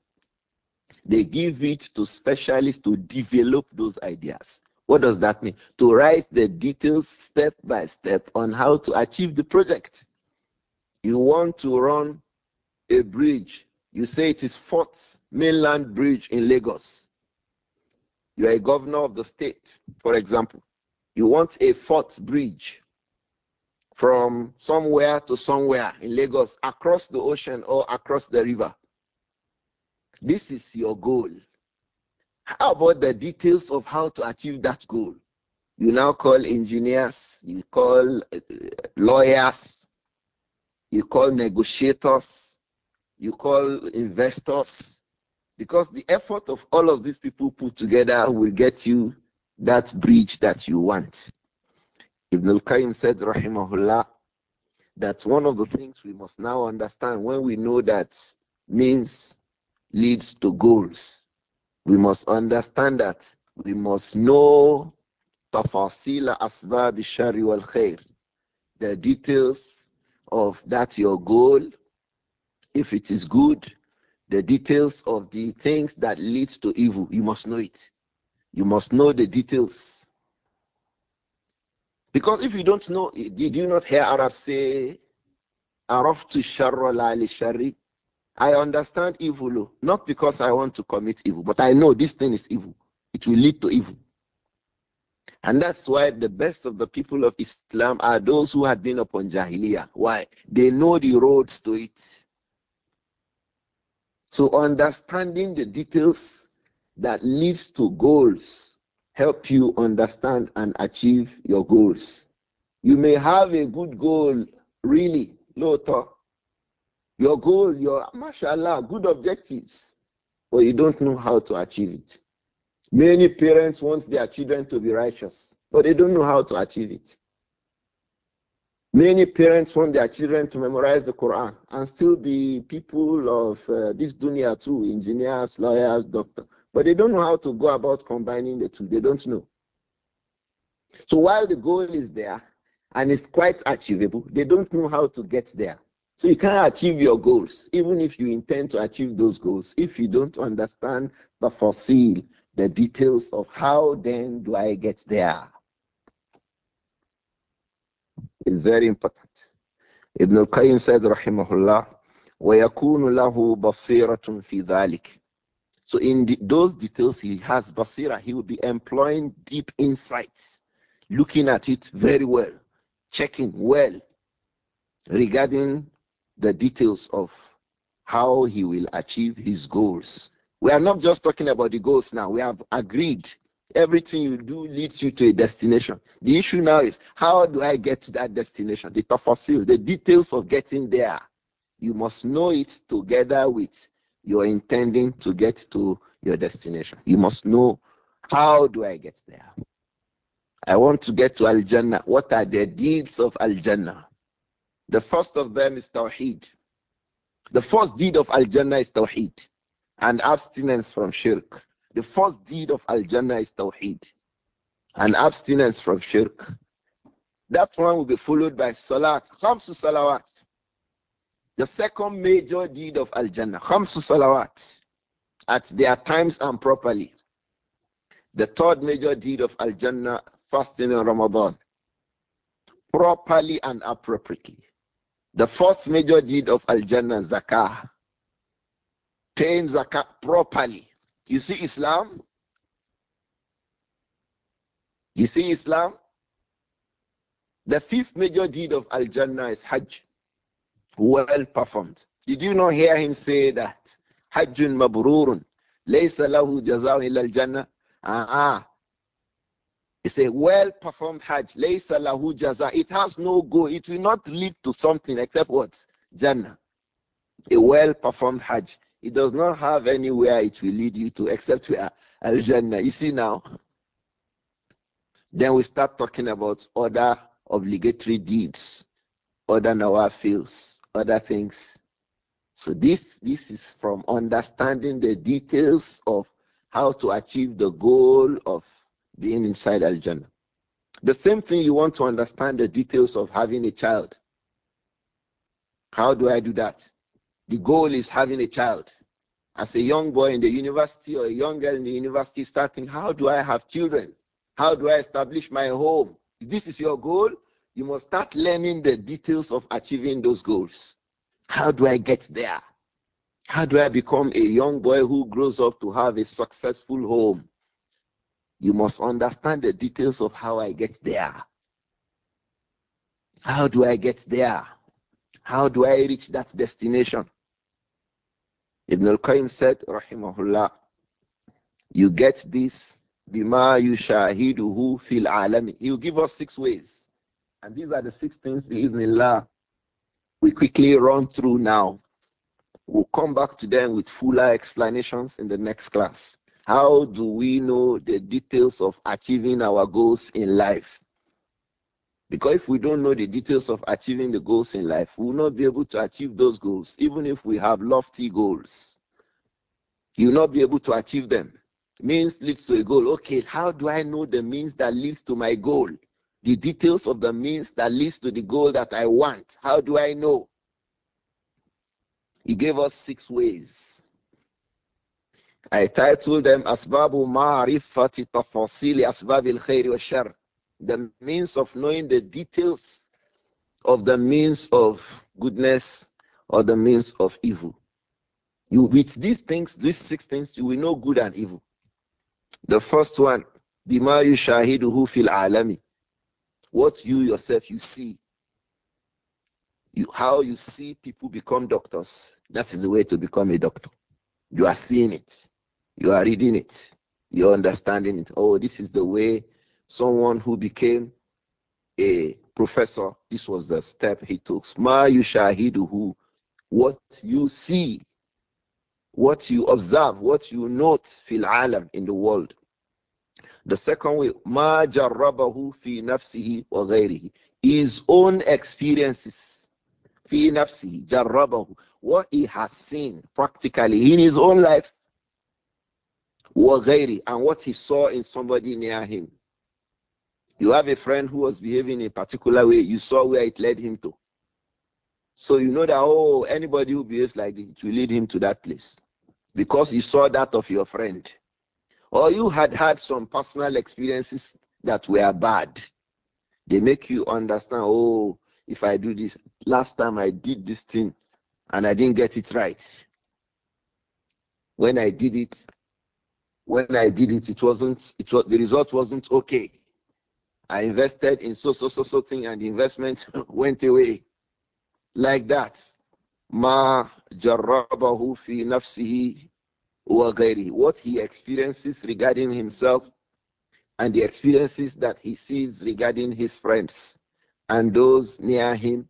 they give it to specialists to develop those ideas. What does that mean? To write the details step by step on how to achieve the project. You want to run a bridge. You say it is fourth mainland bridge in Lagos. You are a governor of the state, for example. You want a fourth bridge from somewhere to somewhere in Lagos, across the ocean or across the river. This is your goal. How about the details of how to achieve that goal? You now call engineers, you call uh, lawyers, you call negotiators, you call investors, because the effort of all of these people put together will get you that bridge that you want. Ibn al-Qayyim said, rahimahullah, that one of the things we must now understand when we know that means leads to goals. We must understand that. We must know tafasil asbab shari wal khair. The details of that your goal, if it is good, the details of the things that leads to evil. You must know it. You must know the details. Because if you don't know, did you not hear arab say, Araftu sharra la li shari? I understand evil, not because I want to commit evil, but I know this thing is evil. It will lead to evil. And that's why the best of the people of Islam are those who had been upon Jahiliyyah. Why? They know the roads to it. So understanding the details that leads to goals help you understand and achieve your goals. You may have a good goal, really, no talk your goal, your mashallah, good objectives, but you don't know how to achieve it. Many parents want their children to be righteous, but they don't know how to achieve it. Many parents want their children to memorize the Quran and still be people of uh, this dunya too, engineers, lawyers, doctors, but they don't know how to go about combining the two. They don't know. So while the goal is there and it's quite achievable, they don't know how to get there. So you can't achieve your goals, even if you intend to achieve those goals, if you don't understand the foresee, the details of how then do I get there. It's very important. Ibn al-Qayyim said, rahimahullah, وَيَكُونُ لَهُ بَصِيرَةٌ فِي ذَلك. So in the, those details, he has basira. He will be employing deep insights, looking at it very well, checking well regarding the details of how he will achieve his goals. We are not just talking about the goals now. We have agreed everything you do leads you to a destination. The issue now is how do I get to that destination? The tafasil, the details of getting there. You must know it together with your intending to get to your destination. You must know how do I get there? I want to get to Al Jannah. What are the deeds of Al Jannah? The first of them is Tawheed. The first deed of Al Jannah is Tawheed and abstinence from shirk. The first deed of Al Jannah is Tawheed and abstinence from shirk. That one will be followed by Salat, Khamsu Salawat. The second major deed of Al Jannah, Khamsu Salawat, at their times and properly. The third major deed of Al Jannah, fasting in Ramadan, properly and appropriately. The fourth major deed of Al Jannah Zakah. Paying Zakah properly. You see Islam? You see Islam? The fifth major deed of Al Jannah is Hajj. Well performed. Did you not hear him say that? Hajjun mabrurun. Laysa lahu jazaw illa al-jannah. Ah, ah. It's a well performed Hajj. Laysa lahu jaza. It has no goal. It will not lead to something except what? Jannah. A well performed Hajj. It does not have anywhere it will lead you to except where? Al Jannah. You see now? Then we start talking about other obligatory deeds, other nawafils, other things. So this this is from understanding the details of how to achieve the goal of being inside Al Jannah. The same thing you want to understand the details of having a child. How do I do that? The goal is having a child. As a young boy in the university or a young girl in the university starting, how do I have children? How do I establish my home? If this is your goal, you must start learning the details of achieving those goals. How do I get there? How do I become a young boy who grows up to have a successful home? You must understand the details of how I get there. How do I get there? How do I reach that destination? Ibn al-Qayyim said, rahimahullah, you get this bima yushahiduhu fil alami. He will give us six ways. And these are the six things, bi'idhnillah, we quickly run through now. We'll come back to them with fuller explanations in the next class. How do we know the details of achieving our goals in life? Because if we don't know the details of achieving the goals in life, we will not be able to achieve those goals, even if we have lofty goals. You will not be able to achieve them. Means leads to a goal. Okay, how do I know the means that leads to my goal? The details of the means that leads to the goal that I want. How do I know? He gave us six ways I titled them Asbabu Ma'rifati Tafasili Asbabil Khairi wa Shar. The means of knowing the details of the means of goodness or the means of evil. You with these things, these six things, you will know good and evil. The first one, Bima Yushahiduhu fil alami. What you yourself you see. You, how you see people become doctors. That is the way to become a doctor. You are seeing it. You are reading it. You're understanding it. Oh, this is the way someone who became a professor, this was the step he took. Ma yushahiduhu. What you see, what you observe, what you note fil alam in the world. The second way, ma jarrabahu fi nafsihi wa ghayrihi. His own experiences. Fi nafsihi, jarrabahu. What he has seen practically in his own life وغيري, and what he saw in somebody near him. You have a friend who was behaving in a particular way, you saw where it led him to. So you know that, oh, anybody who behaves like this, it will lead him to that place because you saw that of your friend. Or you had had some personal experiences that were bad. They make you understand, oh, if I do this, last time I did this thing and I didn't get it right. When I did it, when I did it, it wasn't it was the result wasn't okay. I invested in so so so so thing and the investment went away. Like that. Ma jarrabahu fi nafsihi wa What he experiences regarding himself and the experiences that he sees regarding his friends and those near him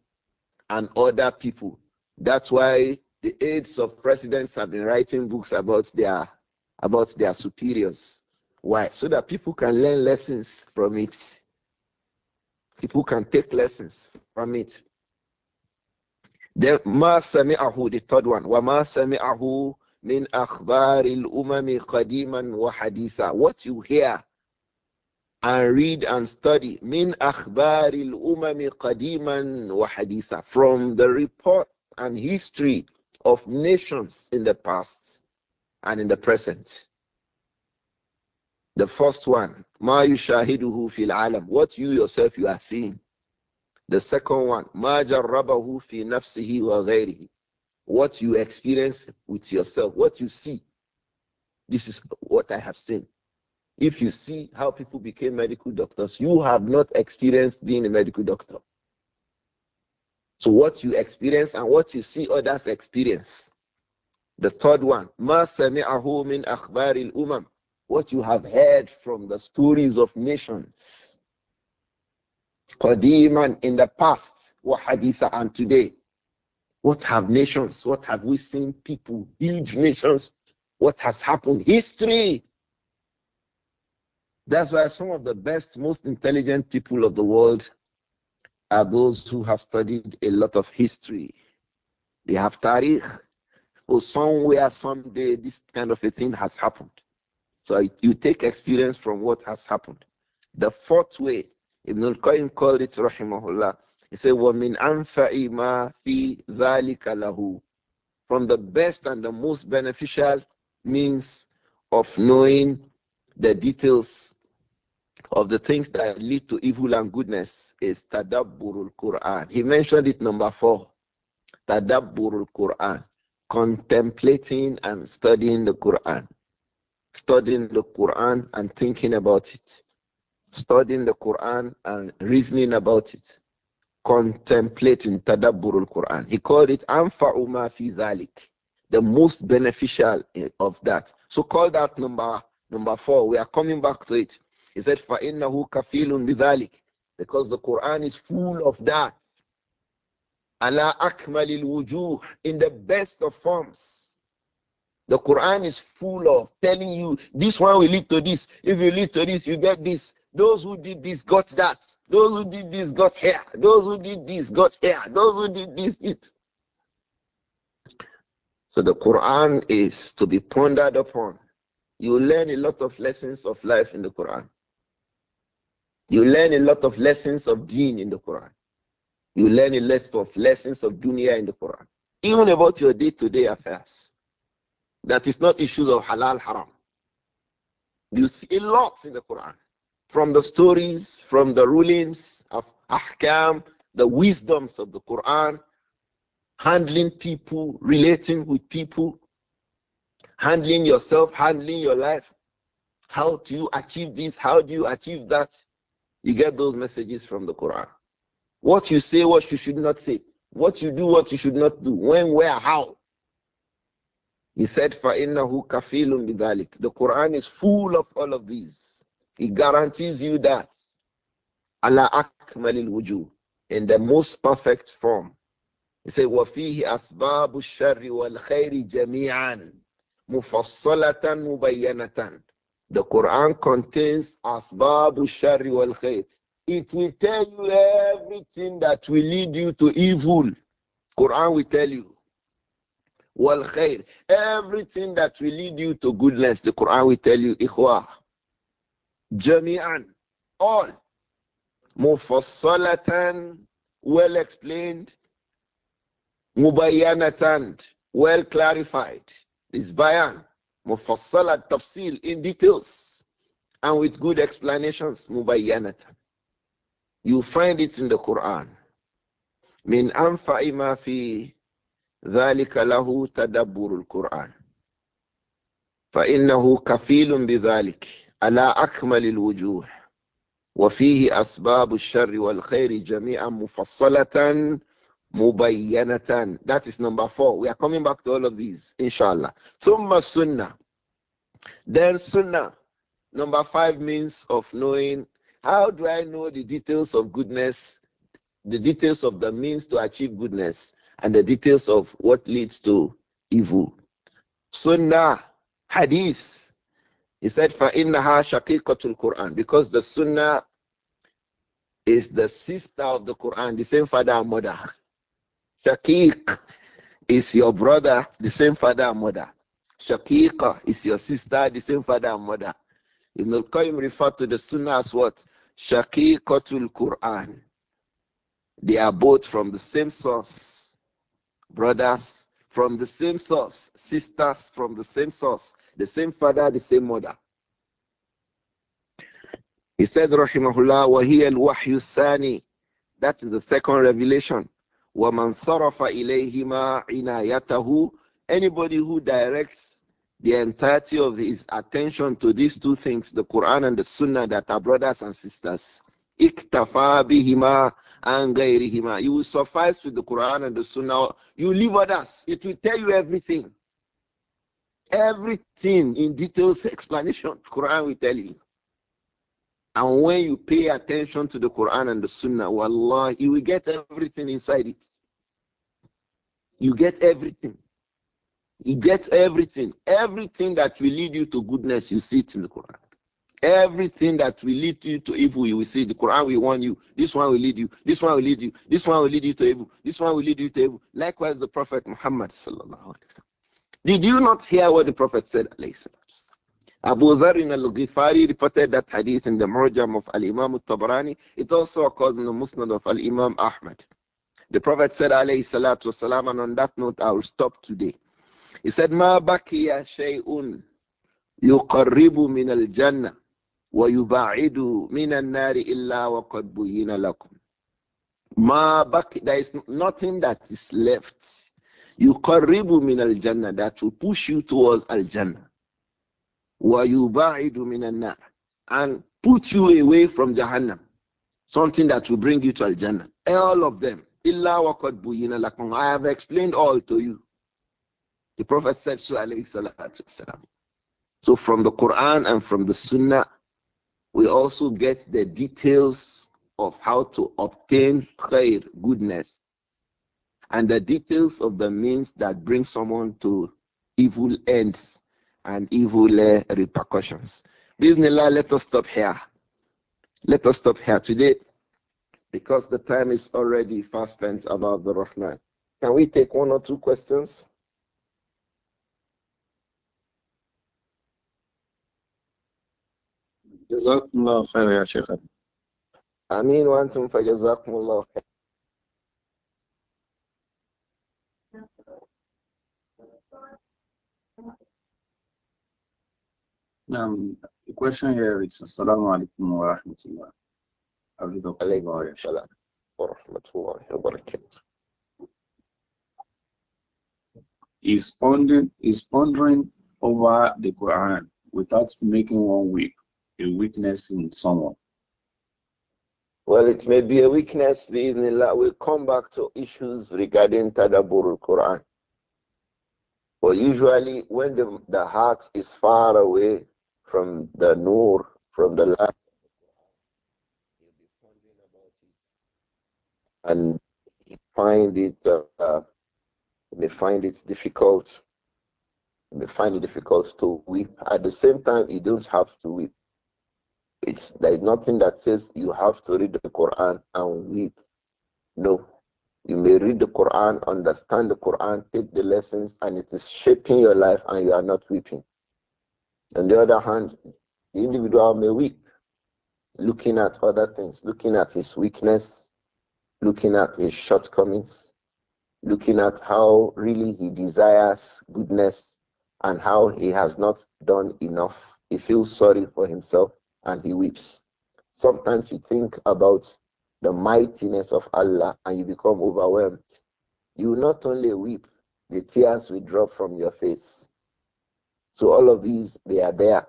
and other people. That's why the aides of presidents have been writing books about their about their superiors. Why? So that people can learn lessons from it. People can take lessons from it. Then ma sami'ahu, the third one. Wa ma sami'ahu min akhbaril umami qadiman wa haditha. What you hear and read and study min akhbaril umami qadiman wa haditha. From the reports and history of nations in the past and in the present. The first one, ma yushahiduhu fil alam, what you yourself you are seeing. The second one, ma jarrabahu fi nafsihi wa ghayrihi, what you experience with yourself, what you see. This is what I have seen. If you see how people became medical doctors, you have not experienced being a medical doctor. So what you experience and what you see others experience. The third one, ما سمعه من أخبار الأمم what you have heard from the stories of nations. Qadiman in the past, wa haditha and today. What have nations, what have we seen people, huge nations, what has happened? History. That's why some of the best, most intelligent people of the world are those who have studied a lot of history. They have tariq, people somewhere, someday, this kind of a thing has happened. So you take experience from what has happened. The fourth way, Ibn al-Qayyim called it, rahimahullah, he said, وَمِنْ أَنْفَعِ مَا فِي ذَلِكَ لَهُ From the best and the most beneficial means of knowing the details of the things that lead to evil and goodness is tadabburul Quran. He mentioned it number four, tadabburul Quran contemplating and studying the Quran. Studying the Quran and thinking about it. Studying the Quran and reasoning about it. Contemplating Tadabburul Quran. He called it amfa umma fi zalik. The most beneficial of that. So call that number number four. We are coming back to it. He said, فَإِنَّهُ kafilun بِذَلِكَ Because the Quran is full of that ala akmalil wujuh in the best of forms. The Quran is full of telling you this one will lead to this. If you lead to this, you get this. Those who did this got that. Those who did this got here. Those who did this got here. Those who did this it. So the Quran is to be pondered upon. You learn a lot of lessons of life in the Quran. You learn a lot of lessons of deen in the Quran. You learn a lot of lessons of dunya in the Quran, even about your day to day affairs. That is not issues of halal, haram. You see a lot in the Quran from the stories, from the rulings of ahkam, the wisdoms of the Quran, handling people, relating with people, handling yourself, handling your life. How do you achieve this? How do you achieve that? You get those messages from the Quran. What you say, what you should not say. What you do, what you should not do. When, where, how. He said, فَإِنَّهُ كَفِيلٌ بِذَلِكَ The Quran is full of all of these. It guarantees you that. "Ala أَكْمَلِ الْوُجُوهِ In the most perfect form. He said, وَفِيهِ أَسْبَابُ الشَّرِّ وَالْخَيْرِ جَمِيعًا مُفَصَّلَةً مُبَيَّنَةً The Quran contains أَسْبَابُ الشَّرِّ وَالْخَيْرِ it will tell you everything that will lead you to evil. Quran will tell you. Wal khair. Everything that will lead you to goodness, the Quran will tell you. Ikhwa. Jami'an. All. Mufassalatan. Well explained. Mubayyanatan. Well clarified. This bayan. tafsil in details and with good explanations. Mubayyanatan. You find it in the Quran. من أنفع ما في ذلك له تدبر القرآن فإنه كفيل بذلك على أكمل الوجوه وفيه أسباب الشر والخير جميعا مفصلة مبينة That is number four. We are coming back to all of these, inshallah. ثم sunnah. Then sunnah. Number five means of knowing how do I know the details of goodness, the details of the means to achieve goodness, and the details of what leads to evil? Sunnah, Hadith. He said, فَإِنَّهَا شَقِيقَةُ Quran Because the Sunnah is the sister of the Quran, the same father and mother. Shaqiq is your brother, the same father and mother. Shaqiqa is your sister, the same father and mother. Ibn al-Qayyim referred to the Sunnah as what? Shaqiqatul Quran. They are both from the same source. Brothers from the same source. Sisters from the same source. The same father, the same mother. He said, Rahimahullah, وَهِيَ الْوَحْيُ That is the second revelation. وَمَنْ صَرَفَ إِلَيْهِمَا Inayatahu. Anybody who directs the entirety of his attention to these two things, the Quran and the Sunnah, that are brothers and sisters. Iktafa bihima and gairihima. You will suffice with the Quran and the Sunnah. You leave others. It will tell you everything. Everything in details, explanation, Quran will tell you. And when you pay attention to the Quran and the Sunnah, wallah, you will get everything inside it. You get everything. You get everything. Everything that will lead you to goodness, you see it in the Quran. Everything that will lead you to evil, you will see. The Quran will warn you. This one will lead you. This one will lead you. This one will lead you to evil. This one will lead you to evil. Likewise, the Prophet Muhammad. Did you not hear what the Prophet said? Abu Dharin al Ghifari reported that hadith in the Murjam of Al Imam al tabrani It also occurs in the Musnad of Al Imam Ahmad. The Prophet said, alayhi salatu wasalam, and on that note, I will stop today. He said, Ma bakiya shay'un yuqarribu min al-jannah wa yuba'idu min al nari illa wa qad buhina lakum. Ma baki, there is nothing that is left. Yuqarribu min al-jannah that will push you towards al-jannah. Wa yuba'idu min al nar and put you away from jahannam. Something that will bring you to al-jannah. All of them. Illa wa qad buhina lakum. I have explained all to you. The Prophet said so, So from the Quran and from the Sunnah, we also get the details of how to obtain khair, goodness, and the details of the means that bring someone to evil ends and evil uh, repercussions. Bismillah, let us stop here. Let us stop here today because the time is already fast spent about the Rahman. Can we take one or two questions? جزاكم الله خير يا شيخ امين وانتم فجزاكم الله خير نعم the question here is السلام عليكم ورحمة الله حفظكم الله يا شيخ ورحمة الله وبركاته is pondering is pondering over the Quran without making one weep a weakness in someone? Well, it may be a weakness, We'll come back to issues regarding Tadabur al-Quran. But usually when the, the heart is far away from the nur, from the light, And you find it, uh, may uh, find it difficult. may find it difficult to weep. At the same time, you don't have to weep. It's, there is nothing that says you have to read the Quran and weep. No. You may read the Quran, understand the Quran, take the lessons, and it is shaping your life, and you are not weeping. On the other hand, the individual may weep, looking at other things, looking at his weakness, looking at his shortcomings, looking at how really he desires goodness and how he has not done enough. He feels sorry for himself and he weeps. Sometimes you think about the mightiness of Allah and you become overwhelmed. You not only weep, the tears will drop from your face. So all of these, they are there.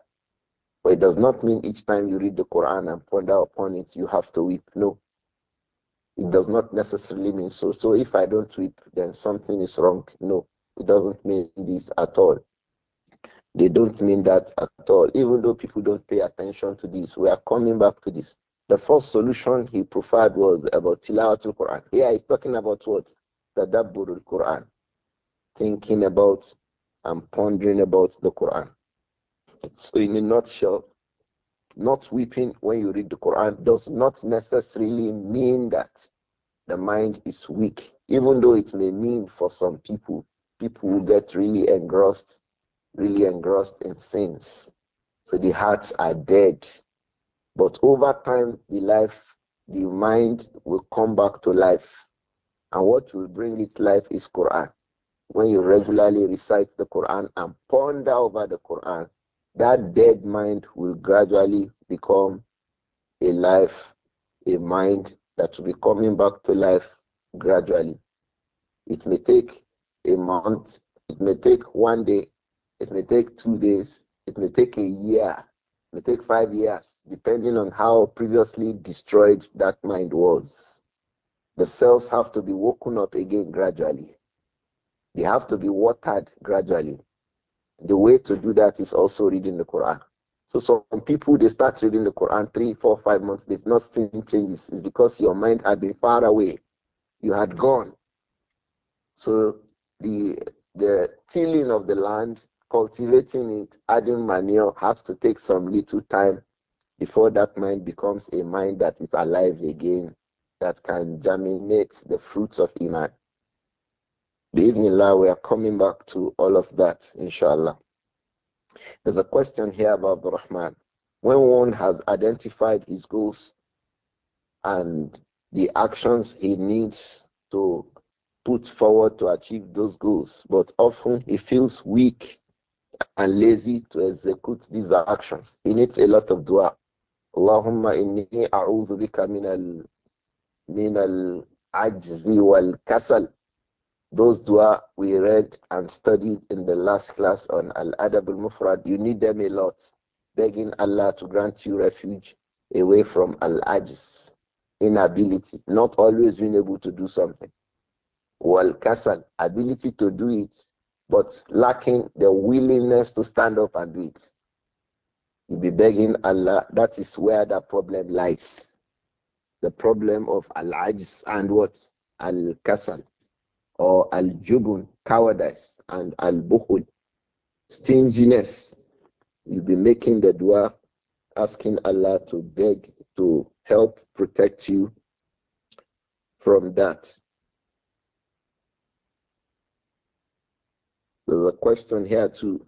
But it does not mean each time you read the Quran and ponder upon it, you have to weep. No. It does not necessarily mean so. So if I don't weep, then something is wrong. No, it doesn't mean this at all. They don't mean that at all, even though people don't pay attention to this. We are coming back to this. The first solution he preferred was about Tilawatul Quran. Here he's talking about what? the Tadabburul Quran. Thinking about and pondering about the Quran. So, in a nutshell, not weeping when you read the Quran does not necessarily mean that the mind is weak, even though it may mean for some people, people will get really engrossed really engrossed in sins. So the hearts are dead. But over time, the life, the mind will come back to life. And what will bring it life is Quran. When you regularly recite the Quran and ponder over the Quran, that dead mind will gradually become a life, a mind that will be coming back to life gradually. It may take a month, it may take one day, it may take two days. It may take a year. It may take five years, depending on how previously destroyed that mind was. The cells have to be woken up again gradually. They have to be watered gradually. The way to do that is also reading the Quran. So some people they start reading the Quran three, four, five months, they've not seen changes. It's because your mind had been far away. You had gone. So the the tilling of the land cultivating it, adding manure has to take some little time before that mind becomes a mind that is alive again, that can germinate the fruits of Iman. Bismillah, we are coming back to all of that, inshallah. There's a question here about the Rahman. When one has identified his goals and the actions he needs to put forward to achieve those goals, but often he feels weak and lazy to execute these actions. It needs a lot of dua. Allahumma inni a'udhu bika min al min al ajzi wal kasal. Those dua we read and studied in the last class on al adab al mufrad. You need them a lot, begging Allah to grant you refuge away from al ajz, inability, not always being able to do something. Wal kasal, ability to do it but lacking the willingness to stand up and do it. You'll be begging Allah. That is where the problem lies. The problem of al and what? Al-kasal or al-jubun, cowardice, and al Buhud, stinginess. You'll be making the dua, asking Allah to beg, to help protect you from that. There's a question here too.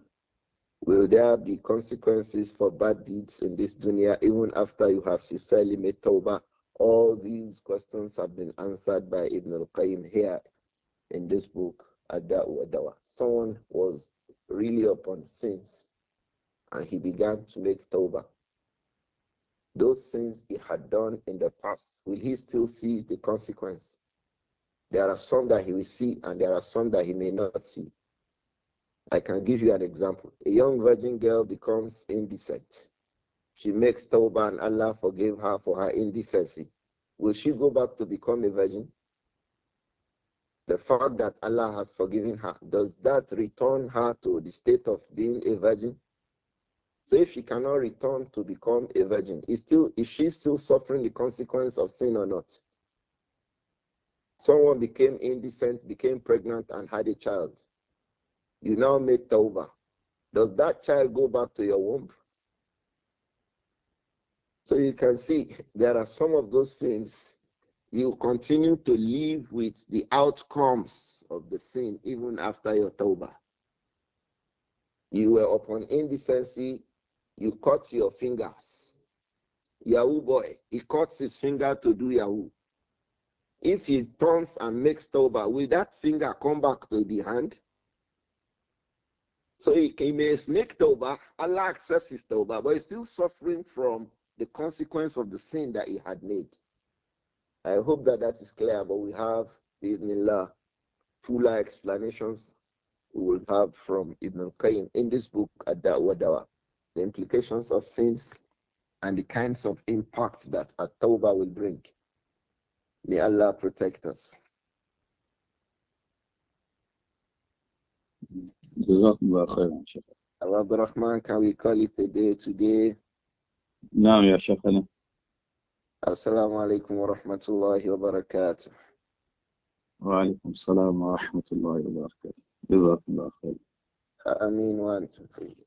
Will there be consequences for bad deeds in this dunya even after you have sincerely made tawbah? All these questions have been answered by Ibn al-Qayyim here in this book, Ad-Da'u Someone was really upon sins and he began to make tawbah. Those sins he had done in the past, will he still see the consequence? There are some that he will see and there are some that he may not see. I can give you an example. A young virgin girl becomes indecent. She makes tawbah and Allah forgive her for her indecency. Will she go back to become a virgin? The fact that Allah has forgiven her, does that return her to the state of being a virgin? So if she cannot return to become a virgin, is still is she still suffering the consequence of sin or not? Someone became indecent, became pregnant, and had a child. You now make tawbah. Does that child go back to your womb? So you can see there are some of those sins. You continue to live with the outcomes of the sin even after your tawbah. You were upon indecency, you cut your fingers. Yahoo boy, he cuts his finger to do Yahoo. If he turns and makes tawbah, will that finger come back to the hand? So he, he may make Toba, Allah accepts his tawbah, but he's still suffering from the consequence of the sin that he had made. I hope that that is clear, but we have, Allah, fuller explanations we will have from Ibn al-Qayyim in this book, ad what Dawa, the implications of sins and the kinds of impact that a Toba will bring. May Allah protect us. al Rahman, can we call it a day today? No, Ya Shaykhana. Assalamu alaikum wa rahmatullahi wa barakatuh. Wa alaikum assalam wa rahmatullahi wa barakatuh. Jazakumullah khair. Ameen wa antum.